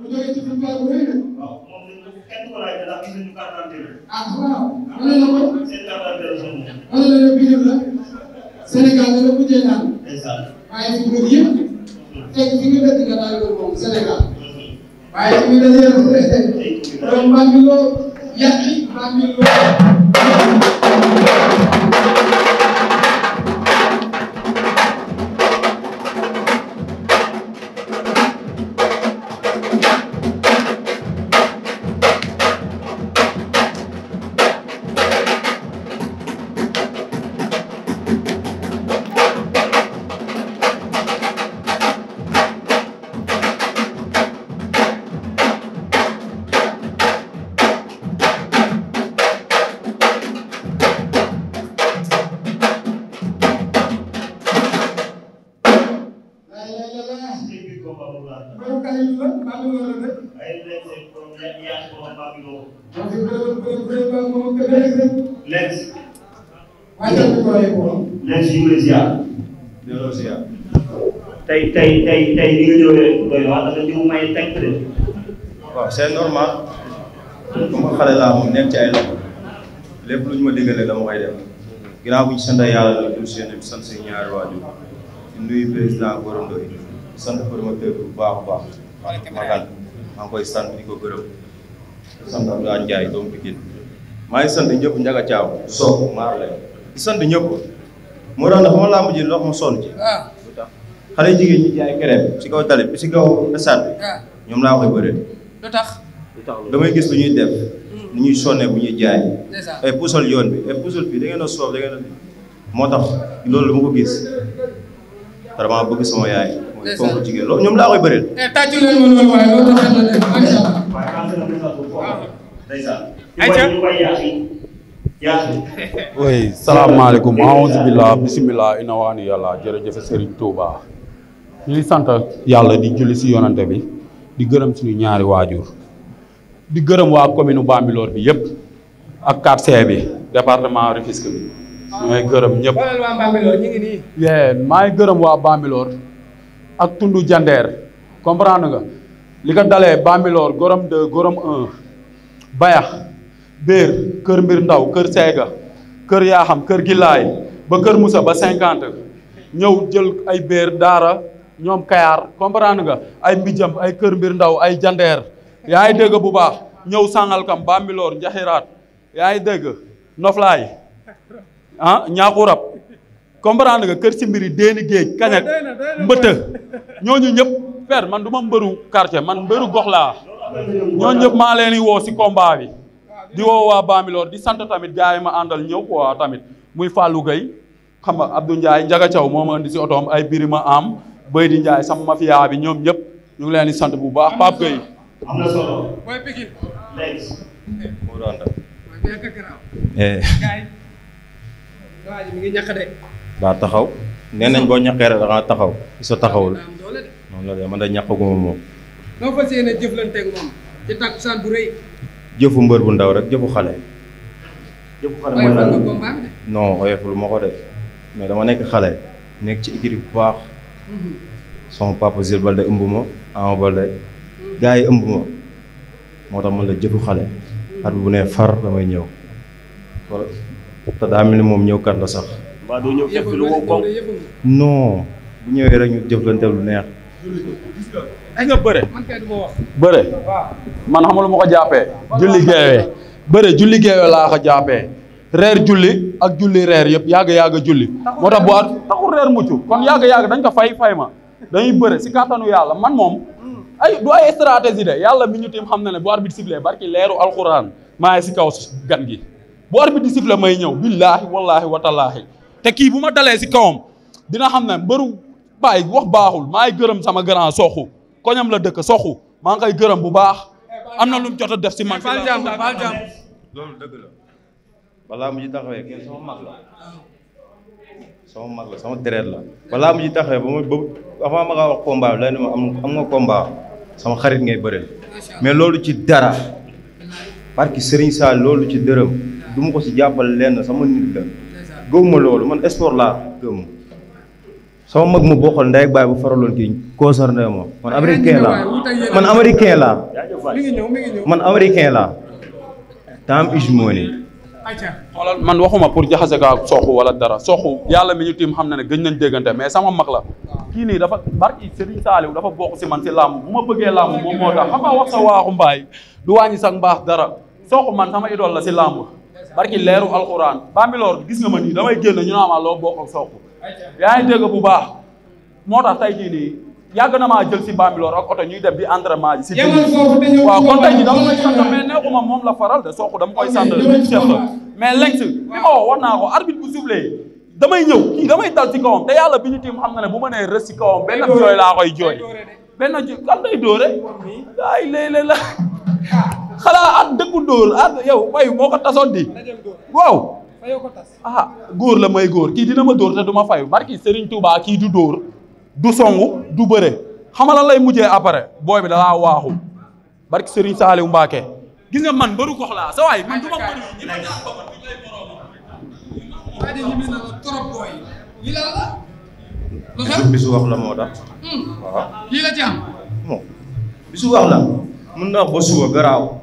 bu jógee ci suñu bu rëy la. waaw moom ñu kenn ko laaj ndax gis nañu carte d'identité la. ah waaw. wane na ko. seen carte d'identité la. wane na leen la. Sénégal la la mujjee daal. waaye ci biir yëpp. tey fi nga dëkk nga daal loolu moom Sénégal. waaye fi nga dëkk yëpp. donc maa ngi loo yàq maa ngi loo. Lex. Lex ñu ngi lay ziar. delloo ziar. tey tey tey tey li nga ñëw rek doy na wax dëgg may teg de. waaw c'est normal. comme xale laa moom nekk ci ay loxo. lépp lu ñu ma diggalee dama koy def. ginnaaw bu ñu sant yàlla ñu jël sant seen ñaari waajur di nuyu président Gora Ndoye di sant promoteur bu baax a baax. Magal maa ngi koy sant di ko gërëm. sant Abdoulaye Ndiaye doomu Pikine maa ngi sant ñëpp njaga caaw soo maar lay di sant ñëpp moo tax ndax ma làmb ji lox ma sonn ci ah. xale jigéen ñi jaay keneen ci kaw tali bi ci kaw stade bi ah. ñoom laa koy bëree lu damay gis lu ñuy def ni mm. ñuy sonnee bu ñuy jaay ay puusal yoon bi ay puusal a soof moo tax loolu lu ma ko gis vraiment bëgg sama yaay mooy fonk jigéen loolu ñoom ayca ñu koy yaasi yaasi. oui salaamaaleykum alhamdulilah bisimilah ina waani yàlla ñu ngi sant yàlla di julli si yonante bi di gërëm suñu ñaari waajur. di gërëm waa commune Bambilor bi yëpp. ak CAPC bi département Rufisque bi. ñooy gërëm ñëpp xoolal waa gërëm waa Bambilor. ak tundu jandeer comprendre nga li ko dalee Bambilor gorom 2 gorom 1 Béer kër Mbir Ndaw kër Seega kër Yaaxam kër Gilaay ba kër Moussa ba cinquante ñëw jël ay Béer Daara ñoom Kayaar comprendre nga ay Mbijam ay kër Mbir Ndaw ay Jandeer yaa ngi dégg bu baax ñëw Sangalkam Bambilor Njaxiraat yaa ngi dégg Noflaay ah Ñaaxurab comprendre nga kër ci mbiri déeni géej kañak mbëtë ñooñu ñëpp per man du ma mbëru quartier man mbëru gox laa ñooñu ñëpp maa leen woo si combat bi di woo waa Bambilor di sant tamit gars yi ma àndal ñëw quoi tamit muy Fallou Gueye xam nga Abdou Ndiaye Ndiaga Thiaw moo ma indi si otoom ay birima am bay di Ndiaye sama mafia bi ñoom ñëpp ñu ngi leen di sant bu baax Pape Gueye. am eh. daa taxaw nee nañ boo ñaqee rek da taxaw sa taxawul noonu la de man da ñaqaguma moom. noo moom jëfu mbër bu ndaw rek jëfu xale. jëfu xale mooy lan non ma ko de mais dama nekk xale nekk ci équipe bu baax. Mhm. sama papa Zil Balde ëmb ma Ama Balde gars ëmb ma moo tax man la jëfu xale. at bu ne far damay ñëw. wala te daa ni moom ñëw kan la sax. waaw doo ñëw fekk lu wow rek ñu lu neex. gis nga bëre bëre man xam lu ma ko jàppee julli geewee bëre julli geewee laa ko jàppee reer julli ak julli reer yëpp yàgg-yàgg julli moo tax bu at taxul reer mucc kon yàgg-yàgg dañ ko fay fay ma dañuy bëre si kàttanu yàlla man moom hmm. ay du ay stratégie de yàlla mi ñu tiim xam na ne bu sible sifflé barki leeru alxuraan maa ngi si kaw gan gi bu arbitre sifflé may ñëw billaahi wallaahi watalaahi te kii bu ma dalee si kawam dina xam ne mbëru bàyyi wax baaxul maay gërëm sama grand soxu koñam la dëkk soxu maa ngi koy gërëm bu baax am na lu mu jot a def si man. baal jàmm baal jàmm loolu dëgg la balaa mu ci taxawee kenn sama mag la sama mag la sama deret la balaa mu ci taxawee ba mu ba avant ma wax combat bi lay ne ma am am nga combat sama xarit ngay bëre mais loolu ci dara parce que Serigne Sall loolu ci dërëm du ma ko si jàppale lenn sama nit la gëmuma loolu man sport laa gëm. soo mag mu bokkal ndey ak baay bu faraloon kii concerné ma man américain laa man américain laa man américain laa tam man waxuma pour jaxase kaa soxu wala dara soxu yàlla mi ñu tiim xam na ne gëj nañ déggante mais sama mag la kii nii dafa barki Serigne Saliou dafa bokk si man si làmb bu ma bëggee làmb moom moo tax xam wax sa waaxu mbaay du wàññi sax mbaax dara soxu man sama idole la si làmb barki leeru alxuraan Bambilor gis nga ma nii damay bokk ak yaa ngi dégg bu baax moo tax tey jii nii yàgg na maa jël si Bambilor ak oto ñuy dem di entraînement ji si dégg waaw kon tey jii dama koy sant mais neexuma moom la faral de sooku dama koy sant de chef la mais Lenx li ma woo war naa ko arbitre bu soufflé damay ñëw kii damay dal ci kawam te yàlla bi ñu tiim xam na ne bu ma nee rës si kawam benn jooy laa koy jooy benn jooy kan lay dóore ay léeg-léeg la xalaa at dëkku dóor at yow way moo ko tasoon di waaw ah góor la may góor kii dina ma dóor te du ma fayu barki Serigne Touba kii du dóor du songu du bëre xamala lay mujjee apare booy bi dalaa waaxu barki Serigne Saliou Mbacké gis nga man mbëru gox sa waay man du ma mbëru ñi ma daan boppam duñ wax la moo tax hmm. waaw lii wax la mën na wax ba suba garaaw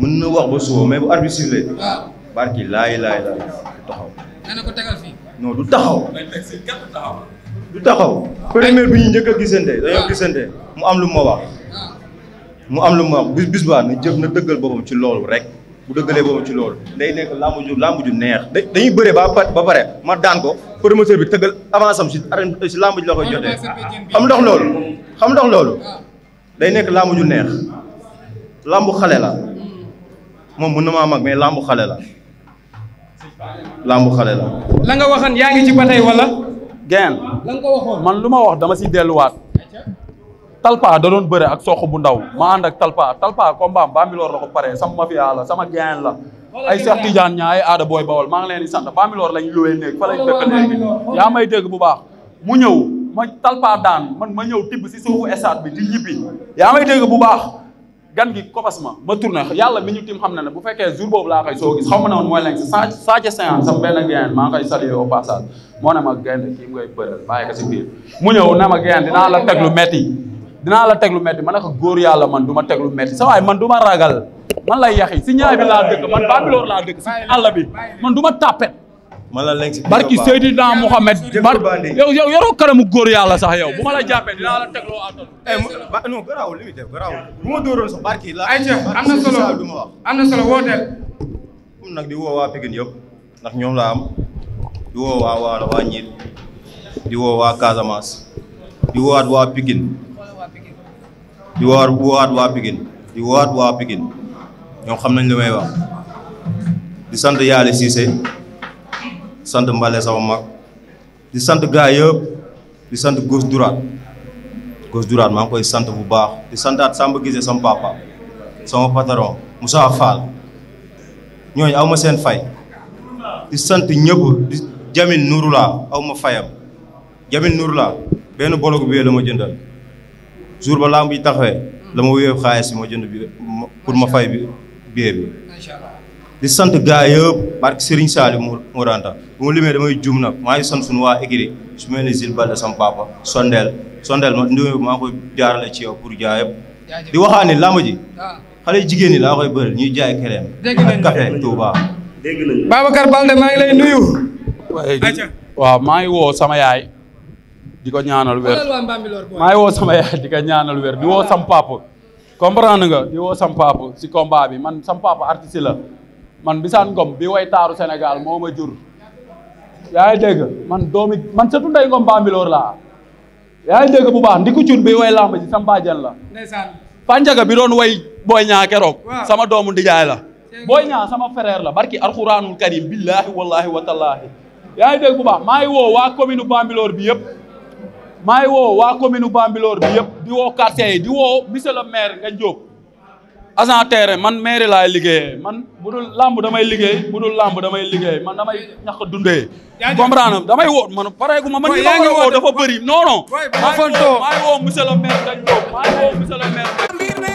mën na wax ba suba mais bu arbitre sifflé waaw barki laay laay laay du taxaw. nee du taxaw. du taxaw. première bi ñu njëkk a gisante dañoo ah. gisante mu am lu ma wax. Ah. mu am lu ma wax bis bis baa na jëf na dëggal boppam ci loolu rek. bu dëggalee boobu ci loolu day nekk làmb ju làmb ju neex. dañuy bëree ba ba pare ma daan ko promoteur bi tëggal avance am si arène si làmb ji la koy jotee. xam ndox loolu. xam ndox loolu ah. day nekk làmb ju neex làmb xale la moom mën na maa mag mais làmb xale la. làmbu xale la. la nga waxoon yaa ngi ci ba tey wala. geen la nga ko man lu ma wax dama si delluwaat. talpa da doon bëre ak soq bu ndaw ma ànd ak talpa talpa combat Bambilor la ko paree sama mafia la sama geen la. ay Cheikh Tidiane ñaa ay aada booy bawol maa ngi leen di sant Bambilor lañ luwee néeg fa lañ fekk léegi yaa baax mu ñëw ma talpa man ma ñëw tibb si suufu bi di ñibbi yaa may dégg bu baax. gan gi kopas ma ma tourné yàlla mi ñu tim xam na ne bu fekkee jour boobu laa koy soo gis xaw ma ne woon mooy lenk sa saace séance sama benn gayan maa ngi koy salué mu ngay bëral bàyyi ko si ne ma gayan dinaa la teg lu metti dinaa la teg lu metti ma ne ko góor yàlla man du ma teg lu metti sa waay man du ma ragal man lay yaxi si ñaay bi laa dëkk man Bambilor laa dëkk si àll bi man du ma tàppet man la lenk si barki Seydina Mohamed bar yow yow yoroo kanamu góor yàlla sax yow bu ma la jàppee dinaa la tegloo àttal. eh non garaawul li muy def garaawul bu ma dóoroon sax barki la. ay jëf am na solo am na solo wooteel. comme nag di woo waa Pikine yëpp ndax ñoom laa am di woo waa Waalo waa Ñiil di woo waa Casamance di woowaat waa Pikine di woowaat woowaat waa Pikine di woowaat waa Pikine ñoom xam nañ li may wax di sant Yàlla Cissé. sant Mbale sama mag di sant gaa yëpp di sant gauche droite gauche droite maa koy sant bu baax di santaat Samba gise sama papa sama patron Moussa Fall ñooñu aw seen fay di sant ñëpp di Jamin Nourula aw ma fayam Jamin Nourula benn bolog bi la ma jëndal jour ba lamb yi taxawee la ma wéyoo xaalis bi ma jënd bi pour ma fay bi bi. di sant gars yëpp barke Serigne Saliou Mouranta bu ma limee damay jum nag maa sant suñu waa écrit su mel ni Zil Balde sama papa sondeel sondeel ma ndiw ci yow pour jaay yëpp di waxaa ni làmb ji ah. xale jigéen ñi laa koy bëri ñuy jaay kereem ak café Touba Babacar Balde maa ngi lay nuyu waaw maa ngi woo sama yaay di ko ñaanal wér maa ngi woo sama yaay di ko ñaanal wér di woo sam papa nga di woo sam si combat bi man sam papa artiste la man Bisaan Ngom bi way taaru Sénégal moo ma jur yaa ngi dégg man doomi man sëtu Ndey Ngom Bambilor laa yaa dégg bu baax ndi ku cun bi way làmb ji sama bàjjen la Panjaga bi doon way Boy Niang keroog sama doomu ndijaay la Boy Niang sama frère la barki alxuraanul karim billaahi wallaahi wa tallaahi yaa dégg bu baax maa ngi woo waa commune Bambilor bi yëpp maa ngi woo waa commune Bambilor bi di woo quartier yi di woo monsieur le maire nga Diop agent terrain man mairie laay liggéeyee man bu dul làmb damay liggéey bu dul làmb damay liggéey man damay ñàkk a dundee. comprendre damay woo man pareegu ma man ñi ma woo dafa bëri non non. maa ngi woo monsieur le maire dañ